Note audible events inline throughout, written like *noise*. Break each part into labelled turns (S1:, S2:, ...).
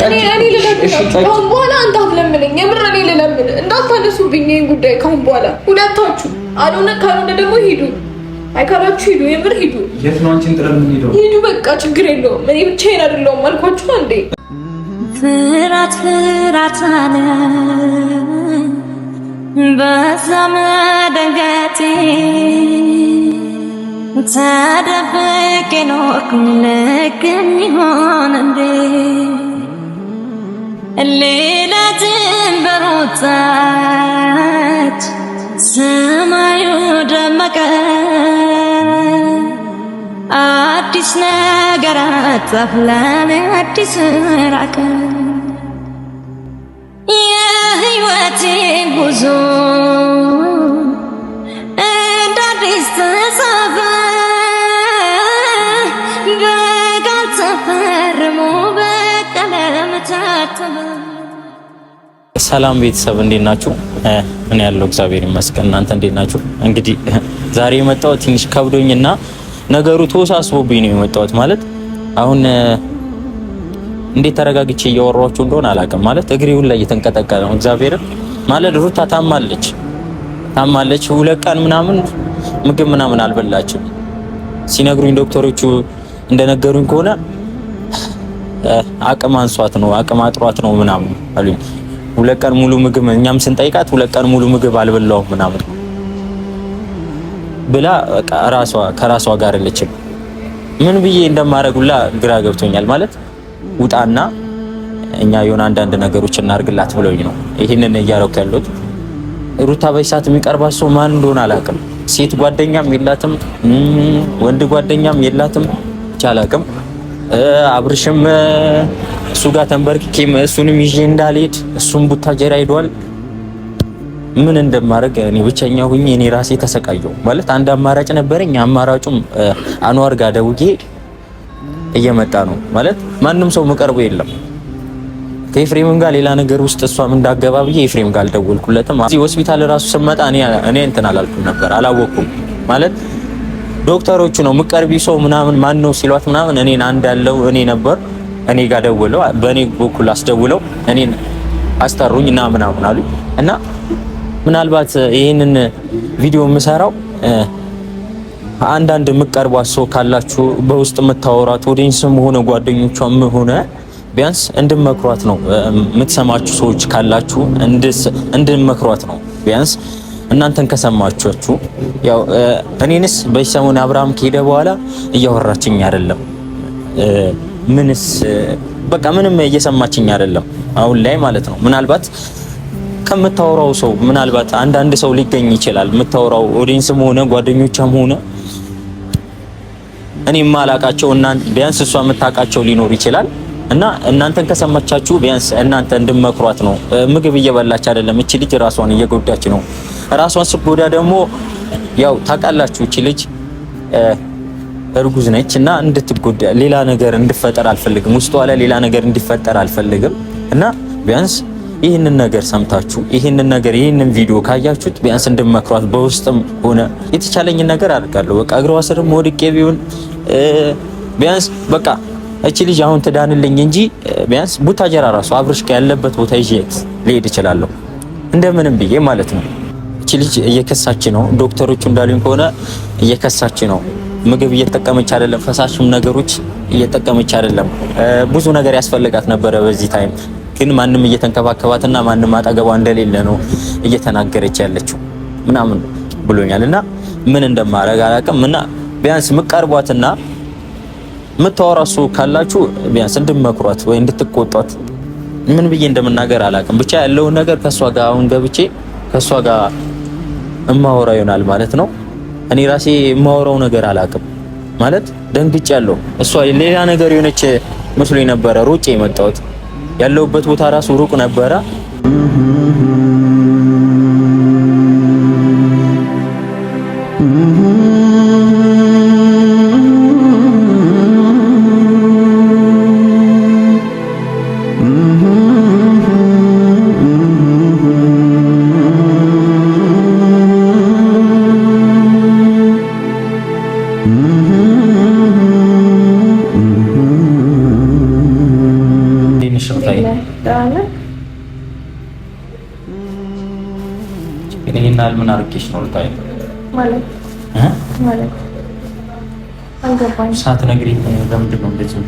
S1: ከአሁን በኋላ እንዳትለምነኝ፣ የምር እኔ ልለምን እንዳታነሱብኝ ይህን ጉዳይ ከአሁን በኋላ ሁለታችሁ። አልሆነ ካልሆነ ደግሞ ሂዱ፣ አይካላችሁ፣ ሂዱ፣ የምር ሂዱ።
S2: የት ነው አንቺን ጥለን የምንሄደው?
S1: ሂዱ፣ በቃ ችግር የለውም። እኔ ብቻዬን አይደለሁም አልኳችሁ። አንዴ
S3: ፍራት ፍራት አለ በዛ መደንገጤ ተደብቄ ኖርኩ። ልክ የሚሆን እንዴ ሌሊትን በሮጣች ሰማዩ ደመቀ፣ አዲስ ነገር አጣፍ ለኔ አዲስ ራቀ። የህይወቴ ጉዞ
S4: ሰላም ቤተሰብ እንዴት ናችሁ? እኔ ያለው እግዚአብሔር ይመስገን። እናንተ እንዴት ናችሁ? እንግዲህ *laughs* ዛሬ የመጣሁት ትንሽ ከብዶኝና ነገሩ ተወሳስቦብኝ ነው የመጣሁት። ማለት አሁን እንዴት ተረጋግቼ እያወራኋችሁ እንደሆነ አላውቅም። ማለት እግሬ ላይ እየተንቀጠቀጠ ነው። እግዚአብሔርን ማለት ሩታ ታማለች ታማለች። ሁለት ቀን ምናምን ምግብ ምናምን አልበላችም። ሲነግሩኝ ዶክተሮቹ እንደነገሩኝ ከሆነ አቅም አንሷት ነው አቅም አጥሯት ነው ምናምን አሉኝ። ሁለት ቀን ሙሉ ምግብ እኛም ስንጠይቃት ሁለት ቀን ሙሉ ምግብ አልበላውም ምናምን ብላ ራሷ ከራሷ ጋር የለችም። ምን ብዬ እንደማደርጉላ ግራ ገብቶኛል። ማለት ውጣና እኛ የሆነ አንዳንድ ነገሮች እናርግላት ብለውኝ ነው ይህንን እያደረኩ ያለሁት። ሩታ በሰዓት የሚቀርባት ሰው ማን እንደሆነ አላውቅም። ሴት ጓደኛም የላትም፣ ወንድ ጓደኛም የላትም፣ ብቻ አላውቅም። አብርሽም እሱ ጋር ተንበርክኬም እሱንም ይዤ እንዳልሄድ እሱም ቡታጀራ ሄዷል። ምን እንደማደርግ እኔ ብቸኛ ሁኜ እኔ ራሴ ተሰቃየው። ማለት አንድ አማራጭ ነበረኝ። አማራጩም አንዋር ጋር ደውዬ እየመጣ ነው ማለት ማንም ሰው መቀርቡ የለም። ከኤፍሬምም ጋር ሌላ ነገር ውስጥ እሷም እንዳገባ ብዬ ኤፍሬም ጋር አልደወልኩለትም። እዚህ ሆስፒታል ራሱ ስመጣ እኔ እንትን አላልኩም ነበር አላወቅኩም ማለት ዶክተሮቹ ነው ምቀርቢ ሰው ምናምን ማን ነው ሲሏት ምናምን እኔን አንድ ያለው እኔ ነበር እኔ ጋር ደውለው በእኔ በኩል አስደውለው እኔን አስጠሩኝ እና ምናምን አሉ እና ምናልባት ይህንን ቪዲዮ የምሰራው አንዳንድ የምቀርቧት ሰው ካላችሁ በውስጥ የምታወራት ኦዲየንስም ሆነ ጓደኞቿም ሆነ ቢያንስ እንድመክሯት ነው። የምትሰማችሁ ሰዎች ካላችሁ እንድመክሯት ነው ቢያንስ እናንተን ከሰማችሁ ያው እኔንስ በሰሞን አብርሃም ከሄደ በኋላ እያወራችኝ አይደለም። ምንስ በቃ ምንም እየሰማችኝ አይደለም አሁን ላይ ማለት ነው። ምናልባት ከምታወራው ሰው ምናልባት አንዳንድ ሰው ሊገኝ ይችላል። የምታወራው ኦዲንስም ሆነ ጓደኞቿም ሆነ እኔ የማላቃቸው እና ቢያንስ እሷ የምታውቃቸው ሊኖር ይችላል። እና እናንተን ከሰማቻችሁ ቢያንስ እናንተ እንድመክሯት ነው። ምግብ እየበላች አይደለም እቺ ልጅ ራሷን እየጎዳች ነው። ራሷን ስጎዳ ደግሞ ያው ታውቃላችሁ፣ እቺ ልጅ እርጉዝ ነች እና እንድትጎዳ ሌላ ነገር እንድፈጠር አልፈልግም። ውስጧ ላይ ሌላ ነገር እንዲፈጠር አልፈልግም እና ቢያንስ ይህንን ነገር ሰምታችሁ ይህንን ነገር ይህንን ቪዲዮ ካያችሁት ቢያንስ እንድመክሯት በውስጥም ሆነ የተቻለኝን ነገር አድርጋለሁ። በቃ እግሯ ስርም ወድቄ ቢሆን ቢያንስ በቃ እቺ ልጅ አሁን ትዳንልኝ እንጂ ቢያንስ ቡታጀራ ራሱ አብርሽ ያለበት ቦታ ይዤ ልሄድ እችላለሁ እንደምንም ብዬ ማለት ነው። እቺ ልጅ እየከሳች ነው። ዶክተሮቹ እንዳሉኝ ከሆነ እየከሳች ነው። ምግብ እየተጠቀመች አይደለም፣ ፈሳሽም ነገሮች እየጠቀመች አይደለም። ብዙ ነገር ያስፈልጋት ነበረ በዚህ ታይም ግን ማንም እየተንከባከባትና ማንም አጠገቧ እንደሌለ ነው እየተናገረች ያለችው ምናምን ብሎኛል። እና ምን እንደማደርግ አላውቅም። እና ቢያንስ ምቀርቧትና ምታወራሱ ካላችሁ ቢያንስ እንድመክሯት ወይ እንድትቆጧት ምን ብዬ እንደምናገር አላውቅም። ብቻ ያለውን ነገር ከእሷ ጋር አሁን ገብቼ ከእሷ ጋር እማወራ ይሆናል ማለት ነው። እኔ ራሴ የማወራው ነገር አላውቅም ማለት ደንግጭ ያለው እሷ ሌላ ነገር የሆነች መስሎ ነበረ ሩጭ የመጣሁት ያለሁበት ቦታ ራሱ ሩቅ ነበረ።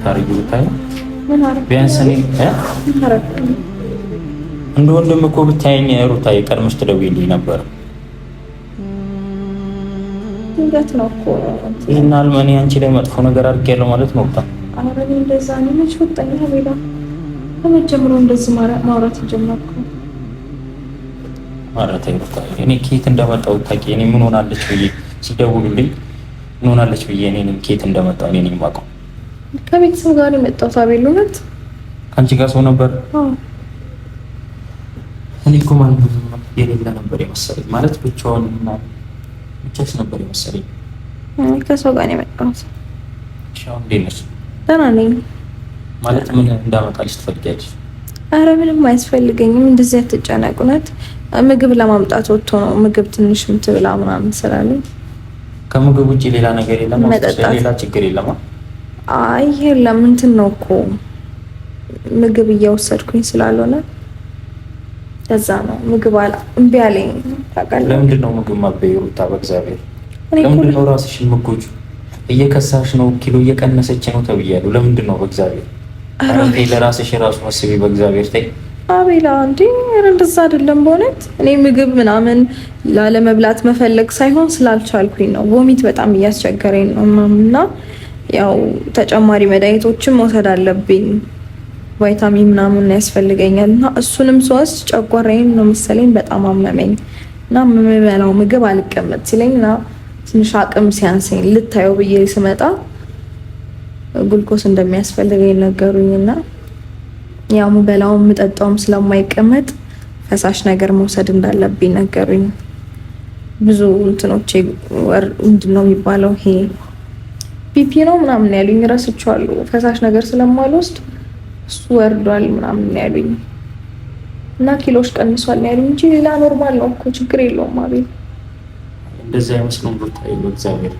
S4: እንደምታረጊው ብታይ ቢያንስ እኔ እንደ ወንድም እኮ ብታይኝ ሩታ የቀድመሽ ትደውይልኝ ነበር።
S1: ድንገት ነው እኮ
S4: ይህን አልመኔ አንቺ ላይ መጥፎ ነገር አድርጌያለሁ ማለት ነው።
S1: እንደዛ ነች ወጣኛ ቤላ ከመጀመሩ እንደዚህ ማውራት ጀመርኩ።
S4: ማውራት ሩታ እኔ ከየት እንደመጣሁ ብታውቂ እኔ ምን ሆናለች ብዬ ሲደውሉልኝ ምን ሆናለች ብዬ እኔ ከየት እንደመጣሁ እኔ ነኝ
S1: ከቤተሰብ ጋር የመጣው አቤል እውነት
S4: ከአንቺ ጋር ሰው ነበር። እኔ እኮ ማንም የሌለ ነበር የመሰለኝ። ማለት ብቻውን ብቻሽ ነበር የመሰለኝ።
S1: ከሰው ጋር ነው ሻው እንዴት ነሽ? ደህና ነኝ።
S4: ማለት ምን እንዳመጣልሽ ትፈልጊያለሽ?
S1: አረ ምንም አያስፈልገኝም። እንደዚህ አትጨነቅ። እውነት ምግብ ለማምጣት ወጥቶ ነው ምግብ ትንሽ ምትብላ ምናምን ስላለኝ
S4: ከምግብ ውጭ ሌላ ነገር የለም። ሌላ ችግር የለም።
S1: አይ የለም እንትን ነው እኮ ምግብ እየወሰድኩኝ ስላልሆነ ለዛ ነው ምግብ አለ እምቢ አለኝ።
S4: ታውቃለህ ለምንድን ነው ምግብ ማበይ ሩታ? በእግዚአብሔር ለምንድን ነው ራስሽን ምጎጁ? እየከሳሽ ነው፣ ኪሎ እየቀነሰች ነው ተብያለሁ። ለምንድን ነው በእግዚአብሔር አረንቴ ለራስሽ ራሱ መስቢ በእግዚአብሔር ተይ።
S1: አቤላ እንዴ ኧረ እንደዛ አይደለም በእውነት እኔ ምግብ ምናምን ላለመብላት መፈለግ ሳይሆን ስላልቻልኩኝ ነው። ቮሚት በጣም እያስቸገረኝ ነው ምናምን እና ያው ተጨማሪ መድኃኒቶችን መውሰድ አለብኝ። ቫይታሚን ምናምን ያስፈልገኛል እና እሱንም ሶስት ጨጓራዬን ነው መሰለኝ በጣም አመመኝ እና የምበላው ምግብ አልቀመጥ ሲለኝ እና ትንሽ አቅም ሲያንሰኝ ልታየው ብዬ ስመጣ ጉልኮስ እንደሚያስፈልገኝ ነገሩኝ እና ያው የምበላውም የምጠጣውም ስለማይቀመጥ ፈሳሽ ነገር መውሰድ እንዳለብኝ ነገሩኝ። ብዙ እንትኖቼ ምንድን ነው የሚባለው ይሄ ቢፒ ነው ምናምን ያሉኝ ረስቼዋለሁ። ፈሳሽ ነገር ስለማልወስድ እሱ ወርዷል ምናምን ያሉኝ እና ኪሎች ቀንሷል ያሉኝ እንጂ ሌላ ኖርማል ነው እኮ ችግር የለውም። አቤል
S4: እንደዛ አይመስለውም። በእግዚአብሔር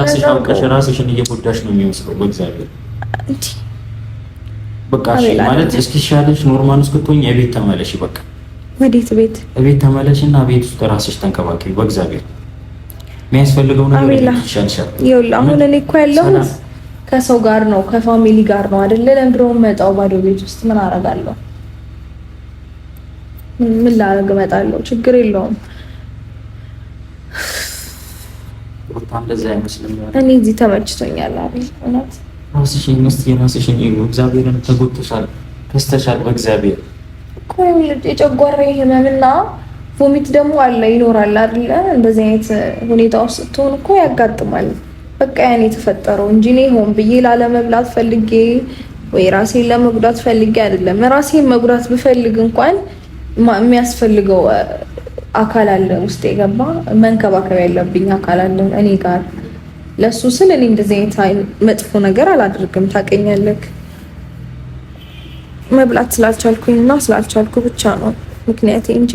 S4: ራስሽ አውቀሽ ራስሽን እየጎዳሽ ነው የሚመስለው። በእግዚአብሔር በቃ ማለት እስኪሻለሽ ኖርማል እስክትሆኝ የቤት ተመለሽ። በቃ ወዴት ቤት? ቤት ተመለሽ እና ቤት ውስጥ ራስሽ ተንከባከቢ በእግዚአብሔር የሚያስፈልገው
S1: ነገር ይኸውልህ፣ አሁን እኔ እኮ ያለሁት ከሰው ጋር ነው ከፋሚሊ ጋር ነው አይደለ? ለምድሮ መጣው ባዶ ቤት ውስጥ ምን አደርጋለሁ? ምን ላደርግ እመጣለሁ? ችግር የለውም። እኔ እዚህ ተመችቶኛል። እውነት
S4: ራስሽን እስኪ የራስሽን እግዚአብሔርን ተጎትሻል፣ ከስተሻል በእግዚአብሔር
S1: የጨጓራዬ ህመምና ቮሚት ደግሞ አለ ይኖራል አይደለ? እንደዚህ አይነት ሁኔታ ውስጥ ስትሆን እኮ ያጋጥማል። በቃ ያን የተፈጠረው እንጂ እኔ ሆን ብዬ ላለመብላት ፈልጌ ወይ ራሴን ለመጉዳት ፈልጌ አይደለም። ራሴን መጉዳት ብፈልግ እንኳን የሚያስፈልገው አካል አለ፣ ውስጥ የገባ መንከባከብ ያለብኝ አካል አለ እኔ ጋር። ለሱ ስል እኔ እንደዚህ አይነት መጥፎ ነገር አላደርግም። ታውቀኛለህ፣ መብላት ስላልቻልኩኝ እና ስላልቻልኩ ብቻ ነው ምክንያቴ እንጂ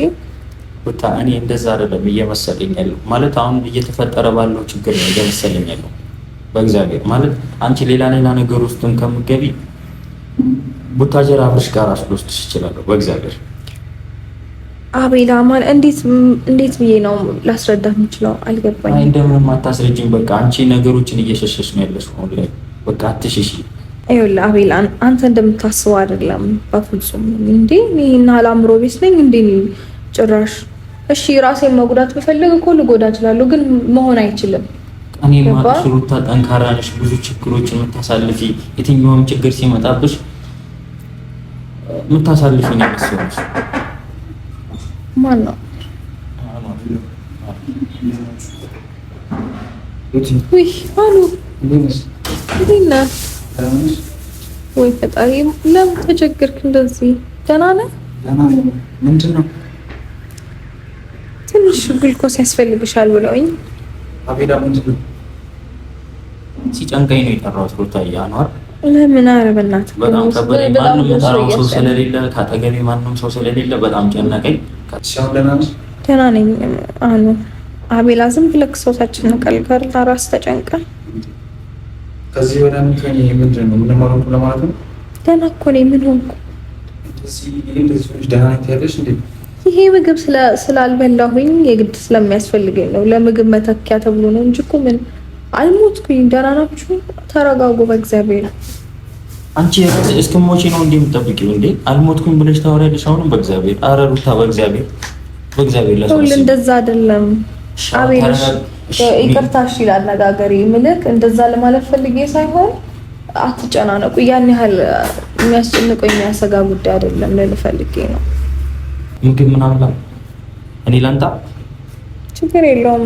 S4: ወታ እኔ እንደዛ አይደለም እየመሰለኝ ያለው ማለት አሁን እየተፈጠረ ባለው ችግር ነው እየመሰለኝ ያለው በእግዚአብሔር ማለት አንቺ ሌላ ሌላ ነገር ውስጥም ከምገቢ ቡታጀር አብርሽ ጋር አስሎስድሽ ይችላለሁ በእግዚአብሔር
S1: አቤላ ማለት እንዴት እንዴት ብዬ ነው ላስረዳ የምችለው አይ
S4: እንደምን አታስረጅም። በቃ አንቺ ነገሮችን እየሸሸሽ ነው ያለሽ። ሆን ላይ በቃ አትሸሽ።
S1: ይኸውልህ አቤላ አንተ እንደምታስበው አይደለም በፍጹም። እንዴ ይህን አላምሮ ቤት ነኝ እንዴ ጭራሽ እሺ ራሴ መጉዳት ብፈልግ እኮ ልጎዳ እችላለሁ፣ ግን መሆን አይችልም።
S4: እኔ ማቅሽ ሩታ ጠንካራ ነሽ፣ ብዙ ችግሮችን የምታሳልፊ፣ የትኛውም ችግር ሲመጣብሽ የምታሳልፊ ነው መሰለሽ።
S1: ማን ነው ወይ ፈጣሪ፣ ለምን ተቸገርክ እንደዚህ? ደህና ነህ? ምንድን ነው ትንሽ ግልኮስ ያስፈልግሻል ብለውኝ
S4: ሲጨንቀኝ ነው የጠራሁት። ሩታዬ አንዋር
S1: ለምን ኧረ በእናትህ
S4: በጣም ከበደኝ። ማንም የጠራው ሰው ስለሌለ ካጠገቤ ማንም ሰው ስለሌለ በጣም ጨነቀኝ።
S1: ደህና ነኝ አሉ አቤላ። ዝም ብለህ ሰውታችን ንቀል ጋር ታራስ ተጨንቀ
S4: ከዚህ ወደ ምንድን ነው ምንም አልሆንኩም ለማለት ነው።
S1: ደህና እኮ ነኝ። ምን ሆንኩ?
S4: ደህና ነኝ ትያለሽ እንዴ?
S1: ይሄ ምግብ ስላልበላሁኝ የግድ ስለሚያስፈልገኝ ነው፣ ለምግብ መተኪያ ተብሎ ነው እንጂ እኮ ምን አልሞትኩኝ። ደህና ናችሁ? ተረጋጉ በእግዚአብሔር።
S4: አንቺ ራስሽ እስክሞቼ ነው እንዲህ የምጠብቂው? እንዴ አልሞትኩኝ ብለሽ ታወሪያለሽ። አሁንም በእግዚአብሔር ኧረ ሩታ፣ በእግዚአብሔር በእግዚአብሔር
S1: ለሰው እንደዛ አይደለም። አቤልሽ ይቅርታሽ ይላል አነጋገሬ። ምልክ እንደዛ ለማለት ፈልጌ ሳይሆን አትጨናነቁ። ያን ያህል የሚያስጨንቀው የሚያሰጋ ጉዳይ አይደለም ልል ፈልጌ ነው።
S4: ምግብ ምናምን ላ እኔ ላንጣ
S1: ችግር የለውም።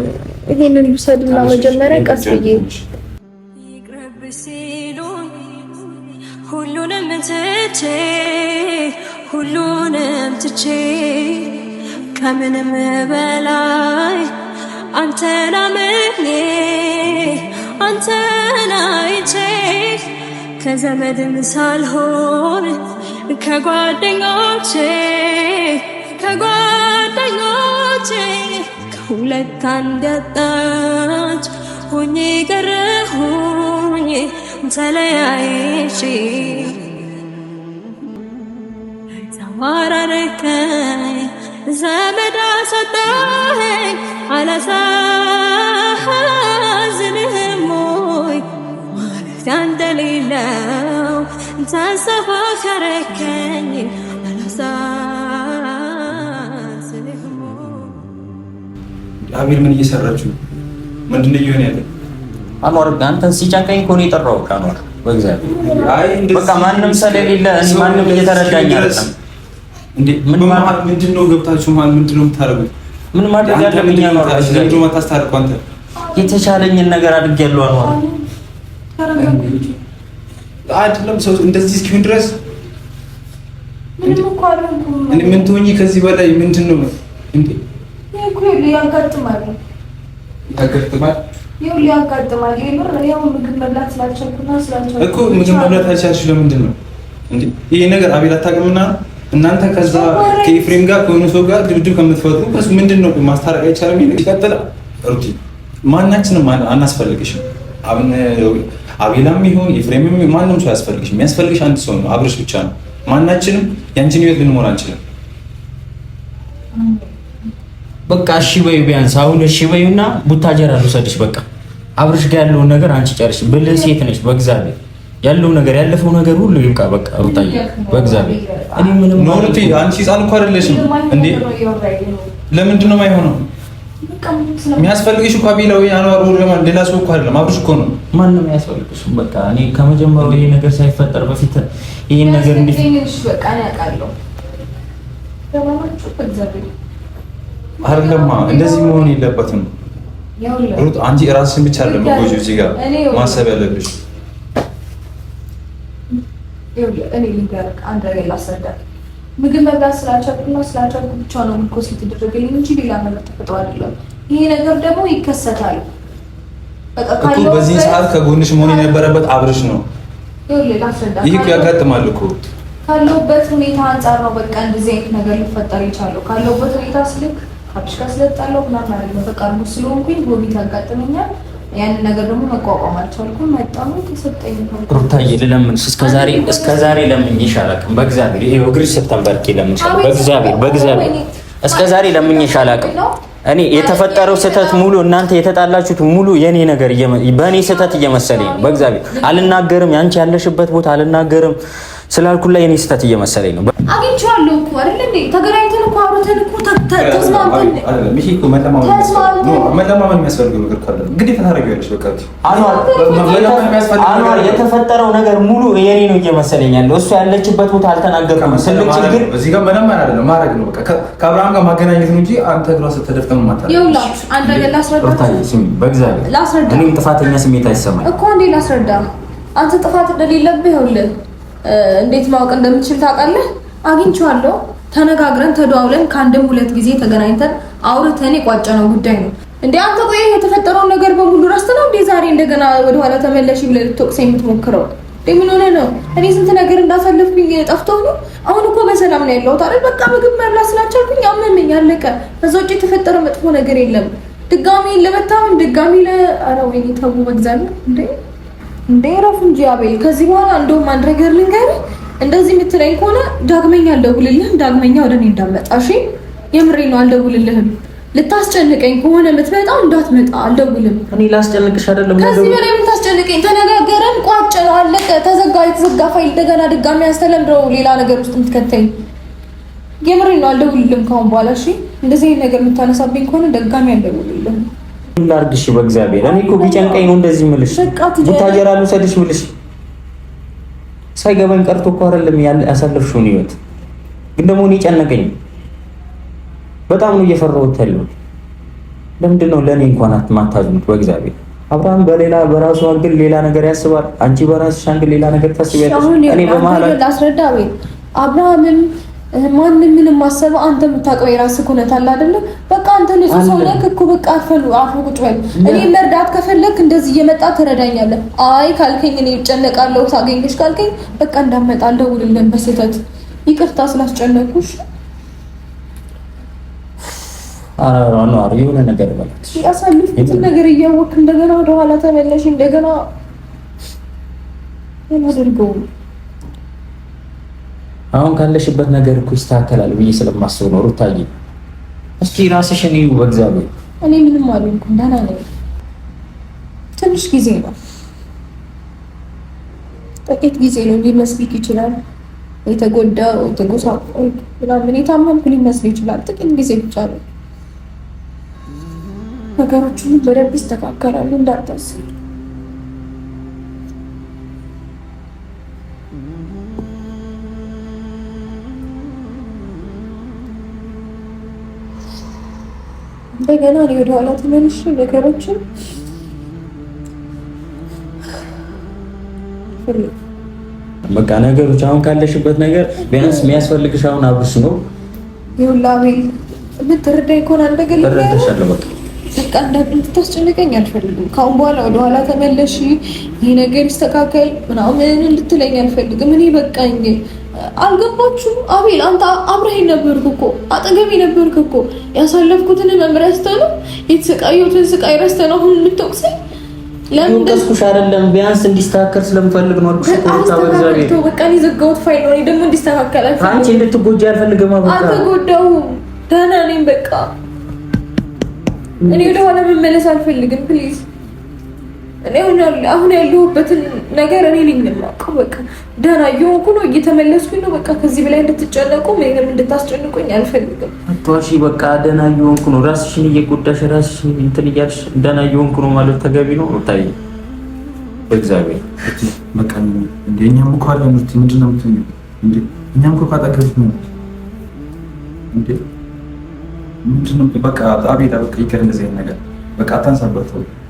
S1: ይሄንን ልውሰድና መጀመሪያ ቀስ ብዬ ይቅርብሽ ሲሉኝ ሁሉንም ትቼ ሁሉንም ትቼ ከምንም በላይ አንተን አምኜ አንተን አይቼ ከዘመድም ሳልሆን ከጓደኞቼ ከጓደኞቼ ከሁለት አንደጣች
S4: ሆኜ ቀረሁኝ ተለያይሽ ዘመድ አላሳዝንህም ወይ ማለት ያንደሌለው ተሰፋ ከረከኝ አቤል ምን እየሰራችሁ ምንድን ነው እየሆነ ያለ? አኗር አንተን ሲጫካኝ እኮ ነው የጠራሁት። አኗር በእግዚአብሔር በቃ ማንም ስለሌለ እኔ ማንም እየተረዳኝ አይደለም። ምንድን ነው ገብታችሁ ማለት ምንድን ነው የምታደርጉት? ምን ማድረግ ያለብኝ አኗር? ለምንድን ነው የማታስታርቁ? አንተ የተቻለኝን ነገር አድርጌያለሁ።
S1: አኗር
S4: አይደለም ሰው እንደዚህ እስኪሆን ድረስ
S1: ምን
S4: ትሆኚ ከዚህ በላይ ምንድን ነው እንዴ?
S1: እኮ ያጋጥማል ያጋጥማል ይኸውልህ ያጋጥማል። የምር ያው ምግብ መብላት ስላልቻልኩና
S4: ስላልቻልኩ እኮ ምግብ መብላት አልቻልሽ። ለምንድን ነው እንዴ ይሄ ነገር? አቤል አታውቅምና እናንተ ከዛ ከኤፍሬም ጋር ከሆነ ሰው ጋር ድብድብ ከምትፈጥሩ በስ ምንድን ነው ማስታረቅ አይቻልም? ይሄ ሩቲ ማናችንም አናስፈልግሽም። አቤላም ይሁን ኤፍሬምም ማንም ሰው ያስፈልግሽ የሚያስፈልግሽ አንድ ሰው ነው፣ አብርሽ ብቻ ነው። ማናችንም ያንቺን ህይወት ልንሞላ አንችልም። በቃ እሺ በይው፣ ቢያንስ አሁን እሺ በይውና ቡታጀራ ልውሰድሽ። በቃ አብርሽ ጋር ያለውን ነገር አንቺ ጨርሽ። ብልህ ሴት ነች። በእግዚአብሔር ያለው ነገር ያለፈው ነገር ሁሉ ይብቃ። በቃ ሩታዬ፣ በእግዚአብሔር እኔ ምንም ነው። ሩቲ አንቺ ህፃን እኮ አይደለሽም እንዴ! ለምንድን ነው የማይሆነው? የሚያስፈልግሽ እኮ ቢለው ወይ ወር ለማን ሌላ ሰው እኮ አይደለም፣ አብርሽ እኮ ነው። ማንም ነው በቃ እኔ ከመጀመሩ ይሄ ነገር ሳይፈጠር በፊት ይሄን ነገር እንዴት
S1: በቃ ነው በእግዚአብሔር
S4: አይደለማ እንደዚህ መሆን የለበትም። ሩት አንቺ እራስሽን ብቻ አይደለም ጎጆ እዚህ ጋር ማሰብ ያለብሽ
S1: ምግብ መብላት ስላልቻልኩና ስላልቻልኩ ብቻ ነው ምልኮስ የተደረገልኝ እንጂ ሌላ ነገር ተፈጥሮ አይደለም። ይሄ ነገር ደግሞ ይከሰታል
S4: በዚህ ሰዓት ከጎንሽ መሆን የነበረበት አብርሽ ነው። ይህ ያጋጥማል እኮ
S1: ካለሁበት ሁኔታ አንጻር ነው። በቃ እንደዚህ አይነት ነገር ሊፈጠር ይቻለሁ ካለሁበት ሁኔታ ስልክ አብሽካ ስለጣለው ምናምን አይደለም። በቃ እርጉዝ ስለሆንኩኝ ጎቢት ያጋጥመኛል። ያንን ነገር ደግሞ መቋቋም አልቻልኩም። መጣሁ ተሰጠኝ።
S4: ሩታዬ ልለምንሽ፣ እስከዛሬ እስከዛሬ ለምኜሽ አላውቅም። በእግዚአብሔር ይሄ እግርሽ ስተንበርክ ለምንሽ፣ በእግዚአብሔር በእግዚአብሔር እስከዛሬ ለምኜሽ አላውቅም። እኔ የተፈጠረው ስህተት ሙሉ እናንተ የተጣላችሁት ሙሉ የኔ ነገር በእኔ ስህተት እየመሰለኝ ነው። በእግዚአብሔር አልናገርም፣ ያንቺ ያለሽበት ቦታ አልናገርም ስላልኩ ላይ የኔ ስህተት እየመሰለኝ ነው።
S1: አግኝቼዋለሁ እኮ አይደል እንዴ? ተገናኝተን እኮ አውርተን እኮ ተስማምተን
S4: ነገር የተፈጠረው ነገር ሙሉ የኔ ነው እየመሰለኝ ያለው። እሱ ያለችበት ቦታ አልተናገርኩም። ስልክ ችግር እዚህ ጋር መለመን አይደለም ማድረግ ነው። በቃ ከአብርሃም ጋር ማገናኘት ነው እንጂ አንተ ግራ ስትደፍተን ማታ
S1: ይውላችሁ። አንድ ነገር
S4: ላስረዳችሁ፣ በእግዚአብሔር ላስረዳ። እኔም ጥፋተኛ ስሜት አይሰማኝ
S1: እኮ እንዴ። ላስረዳ አንተ ጥፋት እንደሌለብህ ይኸውልህ፣ እንዴት ማወቅ እንደምችል ታውቃለህ አግኝቼዋለሁ። ተነጋግረን ተደዋውለን ከአንድም ሁለት ጊዜ ተገናኝተን አውርተን የቋጨነው ጉዳይ ነው። እንዴ አንተ ቆይ የተፈጠረውን ነገር በሙሉ ረስተ ነው እንዴ ዛሬ እንደገና ወደኋላ ተመለሽ ብለህ ልትወቅሰኝ የምትሞክረው? ምን ሆነ ነው? እኔ ስንት ነገር እንዳሳለፍኩኝ ጠፍቶህ ነው? አሁን እኮ በሰላም ነው ያለሁት አይደል? በቃ ምግብ መብላት ስላልቻልኩኝ አመመኝ፣ አለቀ። ከዛ ውጭ የተፈጠረ መጥፎ ነገር የለም። ድጋሚ ለመታመም ድጋሚ ለ ኧረ ወይኔ ተው በእግዚአብሔር እንዴ እንዴ ረፉ እንጂ አቤል፣ ከዚህ በኋላ እንደውም አንድ ነገር ልንገርህ እንደዚህ የምትለኝ ከሆነ ዳግመኛ አልደውልልህም። ዳግመኛ ወደ እኔ እንዳትመጣ እሺ? የምሬ ነው፣ አልደውልልህም። ልታስጨንቀኝ ከሆነ የምትመጣ እንዳትመጣ፣ አልደውልም።
S4: እኔ ላስጨንቅሽ አይደለም።
S1: ከዚህ በላይ የምታስጨንቀኝ ተነጋገረን፣ ቋጭ፣ ነው፣ አለቀ፣ ተዘጋ። የተዘጋ ፋይል እንደገና ድጋሚ ያስተለምደው ሌላ ነገር ውስጥ የምትከተኝ የምሬ ነው፣ አልደውልልም ከአሁን በኋላ እሺ? እንደዚህ አይነት ነገር የምታነሳብኝ ከሆነ ደጋሚ አልደውልልህም።
S4: ላርግሽ በእግዚአብሔር። እኔ እኮ ቢጨንቀኝ ነው እንደዚህ የምልሽ። ቡታጀራ ልውሰድሽ የምልሽ ሳይገባኝ ቀርቶ እኮ አይደለም ያሳለፍሽውን ህይወት። ግን ደግሞ እኔ ጨነቀኝ፣ በጣም ነው እየፈራሁት ያለሁት። ለምንድን ነው ለእኔ እንኳን አትማታዝኑት? በእግዚአብሔር አብርሃም በሌላ በራሱ አንግል ሌላ ነገር ያስባል፣ አንቺ በራስሽ አንግል ሌላ ነገር ታስቢያለሽ።
S1: እኔ በመሀል አስረዳ አብርሃምም ማንም ምንም ማሰበው አንተ የምታውቀው የራስህ እውነት አለ አይደለ? በቃ አንተ ንጹህ ሰው ነህ እኮ በቃ አፈሉ አፉ ቁጭ ወይ እኔ መርዳት ከፈለክ እንደዚህ እየመጣ ትረዳኛለህ። አይ ካልከኝ እኔ እጨነቃለሁ። ታገኝሽ ካልከኝ በቃ እንዳመጣ አልደውልልህም በስህተት ይቅርታ ስላስጨነቁሽ። የሆነ ነገር በላት ያሳልፍኩትን ነገር እያወቅህ እንደገና ወደኋላ ተመለሽ እንደገና የማደርገው አሁን ካለሽበት ነገር እኮ ይስተካከላል ብዬ ስለማስብ ነው። ሩታዬ እስኪ ራስሽን ይዩ በእግዚአብሔር። እኔ ምንም አልሆንኩም፣ ደህና ነኝ። ትንሽ ጊዜ ነው፣ ጥቂት ጊዜ ነው ሊመስልክ ይችላል። የተጎዳው የተጎሳቆል ምናምን የታመምኩ ሊመስል ይችላል። ጥቂት ጊዜ ብቻ ነው። ነገሮች ሁሉ በደንብ ይስተካከላሉ፣ እንዳታስብ እንደገና እኔ ወደኋላ ተመልሼ ነገሮችን በቃ ነገሮች አሁን ካለሽበት ነገር ቢያንስ የሚያስፈልግሽ አሁን አብርሽ ነው። ይውላቤ የምትረዳኝ ከሆነ አንደገል ረዳሻለ በቃ እንድታስጨንቀኝ አልፈልግም። ከአሁን በኋላ ወደኋላ ተመለሽ፣ ይህ ነገር ይስተካከል ምናምን እንድትለኝ አልፈልግም። እኔ በቃኝ አልገባችሁም? አቤል አንተ አብረኸኝ ነበርክ እኮ አጠገቤ ነበርክ እኮ ያሳለፍኩትን መምር ረስተህ ነው የተሰቃየሁትን ስቃይ ረስተህ ነው አሁን የምትወቅሰኝ? ለምን ቀስኩሽ? አይደለም ቢያንስ እንዲስተካከል ስለምፈልግ ነው አልኩሽ። በቃ የዘጋሁት ፋይል ነው ደግሞ እንዲስተካከል አንቺ እንድትጎጂ አልፈልግም። አልተጎዳሁም፣ ደህና ነኝ። በቃ እኔ ወደኋላ መመለስ አልፈልግም። ፕሊዝ እኔ አሁን ያለሁበትን ነገር እኔ ነኝ የማውቀው። በቃ ደህና እየሆንኩ ነው፣ እየተመለስኩኝ ነው። በቃ ከዚህ በላይ እንድትጨነቁ ወይም እንድታስጨንቁኝ አልፈልግም። አትዋሺ። በቃ ደህና እየሆንኩ ነው። ራስሽን እየጎዳሽ ራስሽን እንትን እያልሽ ደህና እየሆንኩ ነው ማለት ተገቢ ነው ታይ በእግዚአብሔር በቃ እንደ እኛም እኮ አለ ምርት ምንድን ነው ምትኝ እንደ እኛም እኮ ካጠገብሽ ነው እንደ ምንድን ነው በቃ አቤት፣ በቃ ይቅር እንደዚህ ነገር በቃ አታንሳበት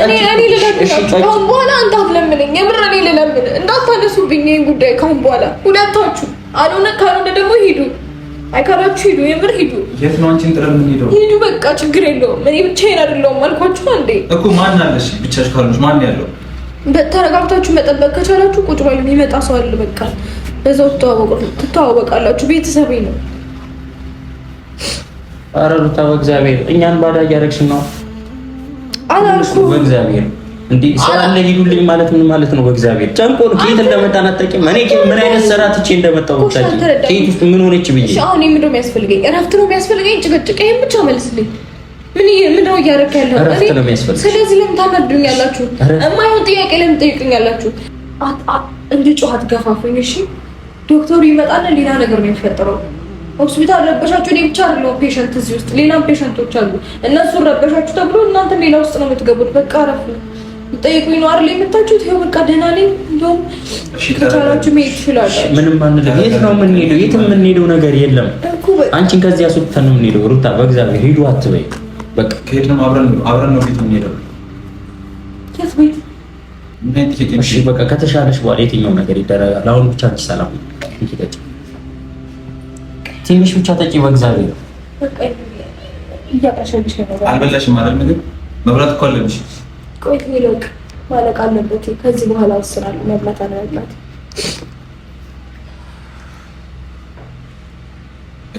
S1: ከአሁን በኋላ አንተ እንዳትለምነኝ፣ የምር እኔ ልለምን እንዳታነሱብኝ ይህን ጉዳይ ከአሁን በኋላ ሁለታችሁ። አልሆነ ካልሆነ ደግሞ ሂዱ፣ አይካላችሁ ሂዱ፣ የምር ሂዱ። የት ነው አንቺን ጥለን የምንሄደው? ሂዱ፣ በቃ ችግር የለውም። እኔ ብቻዬን አይደለሁም አልኳችሁ። አንዴ እኮ ማን አለሽ? ብቻሽ ካልሆነሽ ማን ያለው? ተረጋግታችሁ መጠበቅ ከቻላችሁ ቁጭ ባሉ የሚመጣ ሰው አለ። በቃ በዛው ትተዋወቃላችሁ። ቤተሰቤ ነው። ኧረ ሩታ በእግዚአብሔር እኛን ባዳ እያደረግሽ ነው አላልኩም። በእግዚአብሔር እንዴ ሰው አለ ሂዱልኝ ማለት ምን ማለት ነው? በእግዚአብሔር ጨንቆን ከየት እንደመጣን አታውቂም። እኔ ግን ምን አይነት ስራ ትቼ እንደመጣሁ ብታውቂ፣ ከየት ውስጥ ምን ሆነች ብዬ። እሺ አሁን ምንድን የሚያስፈልገኝ? እረፍት ነው የሚያስፈልገኝ? ጭቅጭቅ? ይሄን ብቻ መልስልኝ። ምን ምንድን ነው እያደረክ ያለው? እረፍት ነው የሚያስፈልገኝ። ስለዚህ ለምን ታናዱኛላችሁ? እማይሆን ጥያቄ ለምን ትጠይቁኛላችሁ? እንድጮህ አትገፋፈኝ። እሺ ዶክተሩ ይመጣል፣ ሌላ ነገር ነው የሚፈጠረው ሆስፒታል ረበሻችሁ። እኔ ብቻ አይደለሁ ፔሸንት፣ እዚህ ውስጥ ሌላም ፔሸንቶች አሉ። እነሱን ረበሻችሁ ተብሎ እናንተ ሌላ ውስጥ ነው የምትገቡት። በቃ አረፍ ጠይቁኝ ነው አይደል የምታችሁት? ይኸው በቃ ደህና ነኝ። እንደውም ከቻላችሁ መሄድ ትችላላችሁ። ምንም አንልም። የት ነው የምንሄደው? የት የምንሄደው ነገር የለም። አንቺን ከዚህ አስወጥተን ነው የምንሄደው። ሩታ በእግዚአብሔር ሂዱ አትበይ። በቃ ከሄድ ነው አብረን አብረን ነው ቤት የምንሄደው። የት ቤት? እሺ በቃ ከተሻለሽ በኋላ የትኛው ነገር ይደረጋል። አሁን ብቻ ሰላም ነው። ቲቪሽ ብቻ ጠጪ። በእግዚአብሔር አልበላሽም አይደል? ምግብ መብላት እኮ አለብሽ። ቆይ ማለቅ አለበት። ከዚህ በኋላ ወስናለሁ መብላት አለመብላት።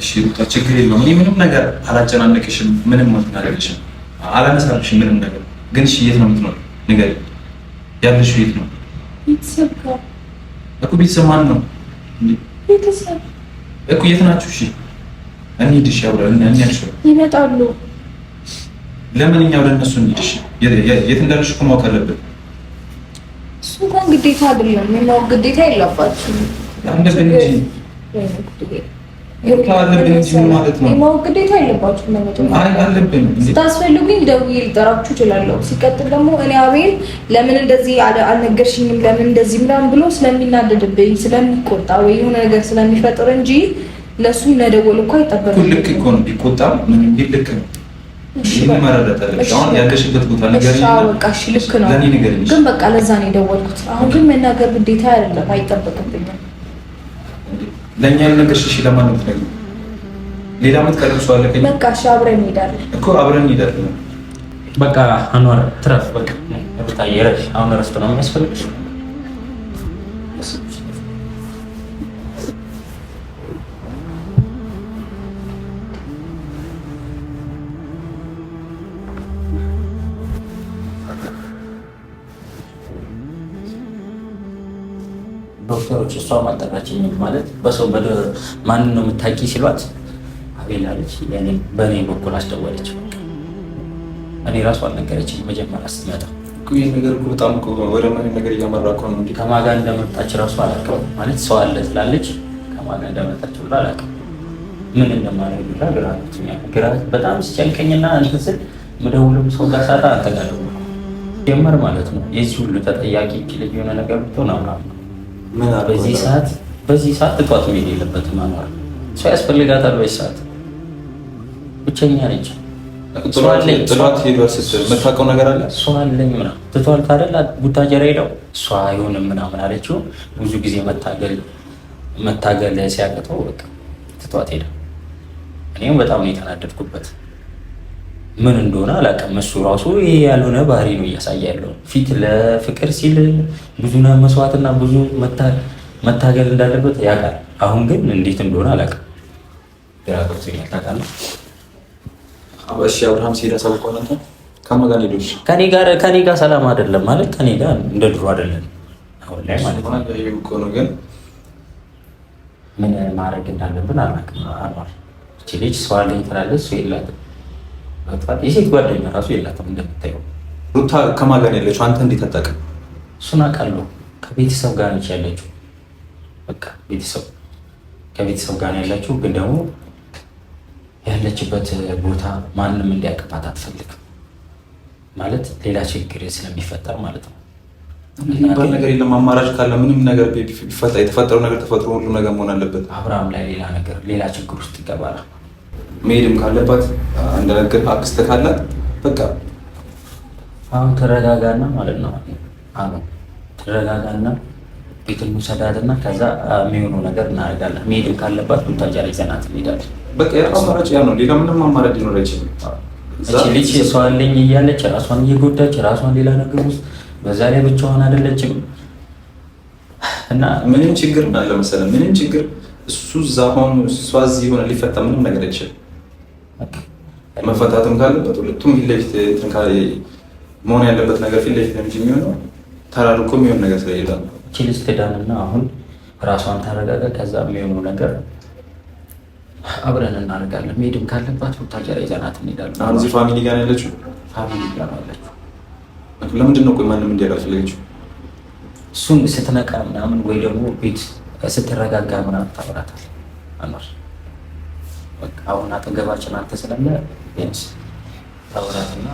S1: እሺ ሩታ፣ ችግር የለውም። እኔ ምንም ነገር አላጨናነቅሽም፣ ምንም አትናገርሽም፣ አላነሳብሽም ምንም ነገር። ግን እሺ፣ የት ነው የምትኖሪው? ንገሪኝ። ያለሽው የት ነው? ቤተሰብ ጋር እኮ ቤተሰብ ማን ነው? ቤተሰብ እኮ የት ናችሁ? እሺ እንሂድ። እሺ አብረን እንሂድ። ይመጣሉ። ለምን እኛ ወደ እነሱ እንሂድ? እሺ የት እንዳለሽ እኮ ማወቅ አለብን። እሱ እንኳን ግዴታ አይደለም የማወቅ ግዴታ የለባችሁ። የማወቅ ግዴታ የለባችሁም። ስታስፈልጉኝ ደውዬ ልጠራችሁ እችላለሁ። ሲቀጥል ደግሞ እኔ አቤል ለምን እንደዚህ አልነገርሽኝም ለምን እንደዚህ ምናምን ብሎ ስለሚናደድብኝ ስለሚቆጣ ወይ የሆነ ነገር ስለሚፈጥር እንጂ ለእሱ መደወል እኮ አይጠበቅም። ልክ እኮ ነው፣ ቢቆጣ ምንም ቢል ልክ ነው። ያለሽበት ቦታ ልክ ግን በቃ ለዛ ነው የደወልኩት። አሁን ግን መናገር ግዴታ አይደለም፣ አይጠበቅብኝም ለእኛ ያልነገርሽ እሺ፣ ለማንም ትነግሪው ሌላ የምትቀርብ ሰው አለ? በቃ እሺ፣ አብረን እንሄዳለን እኮ አብረን እንሄዳለን። በቃ አኗር ትረፍ። በቃ አሁን እረፍት ነው የሚያስፈልግሽ። ዶክተሮች እሷ አልጠራችኝ ማለት በሰው ማን ነው የምታውቂ ሲሏት አቤል አለች። በእኔ በኩል አስደወለች። እኔ ራሱ አልነገረችኝ መጀመሪያ ስትመጣ ይህ ነገር እኮ በጣም ወደ ምን ነገር እያመራ እኮ ነው። እንግዲህ ከማጋ እንደመጣች ራሱ አላውቅም። ማለት ሰው አለ ስላለች ከማጋ እንደመጣች ብላ አላውቅም። ምን እንደማደርግ ብላ ግራ ግራ በጣም ስጨንቀኝና እንትን ስል ምደውልም ሰው ጋር ሳጣ አንተ ጋር ደውል ጀመር ማለት ነው። የዚህ ሁሉ ተጠያቂ ልጅ የሆነ ነገር ብትሆን አምራ በዚህ ሰዓት በዚህ ሰዓት ጥቋት መሄድ የለበትም። አኗር ሰው ያስፈልጋታል። በዚህ ሰዓት ብቸኛ ነች። ጥሏት ሄዷል ስትል የምታውቀው ነገር አለ። እሷ አለኝ ምናምን ትቷል ታደላ ቡታጀራ ሄደው እሷ አይሆንም ምናምን አለችው። ብዙ ጊዜ መታገል መታገል ሲያቅተው በቃ ትቷት ሄደ። እኔም በጣም ነው የተናደድኩበት። ምን እንደሆነ አላውቅም። እሱ ራሱ ይሄ ያልሆነ ባህሪ ነው እያሳየ ያለው ፊት ለፍቅር ሲል ብዙ መስዋዕትና ብዙ መታገል እንዳለበት ያውቃል። አሁን ግን እንዴት እንደሆነ አላውቅም። ግራ ገብቶኛል። ታውቃለህ? እሺ አብርሃም ሲሄድ አሳውቀው ነበር። ከኔ ጋር ከኔ ጋር ሰላም አይደለም ማለት ከኔ ጋር እንደ ድሮ አይደለም አሁን ላይ ማለት ነው። ግን ምን ማድረግ እንዳለብን አላውቅም። ልጅ ሰው አለኝ ትላለች፣ ሰው የላትም የሴት ጓደኛ ራሱ የላትም እንደምታየው። ሩታ ከማን ጋር ያለችው? አንተ እንዴት አታውቅም? እሱን አውቃለሁ። ከቤተሰብ ጋር ነች ያለችው። በቃ ቤተሰብ ከቤተሰብ ጋር ነው ያለችው። ግን ደግሞ ያለችበት ቦታ ማንም እንዲያቅባት አትፈልግም። ማለት ሌላ ችግር ስለሚፈጠር ማለት ነው። የሚባል ነገር የለም። አማራጭ ካለ ምንም ነገር የተፈጠረው ነገር ተፈጥሮ ሁሉ ነገር መሆን አለበት። አብርሃም ላይ ሌላ ነገር ሌላ ችግር ውስጥ ይገባል። መሄድም ካለባት እንደነገር አክስተ ካላት በቃ አሁን ተረጋጋና ማለት ነው። አሁን ተረጋጋና ቤትን ሙሰዳትና ከዛ የሚሆኑ ነገር እናደርጋለን። መሄድም ካለባት ቡታጃ ላይ ዘናት እንሄዳለን። በቃ አማራጭ ያ ነው። ሌላ ምንም አማራጭ ሊኖር አይችልም። ልጅ እሷ አለኝ እያለች ራሷን እየጎዳች ራሷን ሌላ ነገር ውስጥ በዛ ላይ ብቻዋን አይደለችም እና ምንም ችግር አለ መሰለህ ምንም ችግር እሱ እዛ ሆኖ እሷ እዚህ ሆነ ሊፈታ ምንም ነገር አይችልም። መፈታትም ካለበት ሁለቱም ፊት ለፊት ጥንካሬ መሆን ያለበት ነገር ፊት ለፊት እንጂ የሚሆነው ተራርቆ የሚሆን ነገር ስለሌለ ችልስ ትዳንና አሁን ራሷን ታረጋጋ። ከዛ የሚሆነው ነገር አብረን እናደርጋለን። መሄድም ካለባት ቦታጀራ ይዘናት እንሄዳለን። አሁን እዚህ ፋሚሊ ጋር ያለችው ፋሚሊ ጋር ያለችው ለምንድን ነው? ቆይ ማንም እንዲያውቅ አልፈለገችው እሱም ስትነቃ ምናምን ወይ ደግሞ ቤት ስትረጋጋ ምናምን ታወራታለህ። አኗር አሁን አጠገባችን አንተ ስላለ ቢያንስ ታወራትና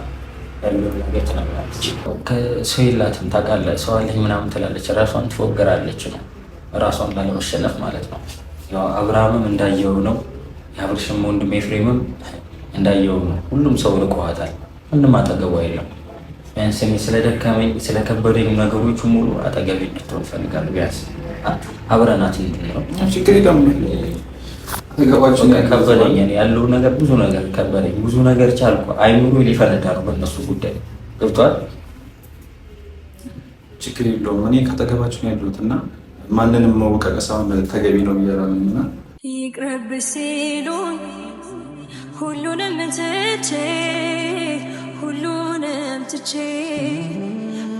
S1: ያለው ነገር ትነግራለች። ሰው የላትም ታውቃለህ፣ ሰው አለኝ ምናምን ትላለች። ራሷን ትፎግራለች ነው ራሷን ላለመሸነፍ ማለት ነው። ያው አብርሃምም እንዳየው ነው፣ የአብርሽም ወንድም ኤፍሬምም እንዳየው ነው። ሁሉም ሰው ልቆዋታል፣ ምንም አጠገቡ የለም። ቢያንስ እኔ ስለደከመኝ ስለከበደኝ ነገሮች ሙሉ አጠገብ እንድትሆን እፈልጋለሁ ቢያንስ አብረናት ከበደኝ። ያለው ነገር ብዙ ነገር ከበደኝ፣ ብዙ ነገር ቻልኩ። አይምሮ ሊፈነዳ ነው በእነሱ ጉዳይ ገብቷል። ችግር የለውም። እኔ ከተገባችሁ ነው ያሉት እና ማንንም ተገቢ ነው ብያለሁ ይቅረብ ሁሉንም ትቼ ሁሉንም ትቼ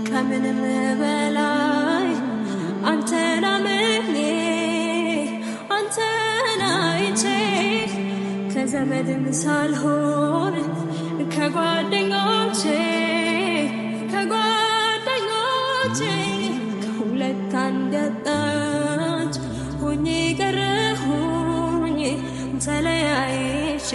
S1: ከምንም በላ ሰላምኔ አንተን ከዘመድም ሳልሆን ከጓደኞቼ ከጓደኞቼ ከሁለት አንደጣች ሆኜ ቀረሁኝ ተለያይሽ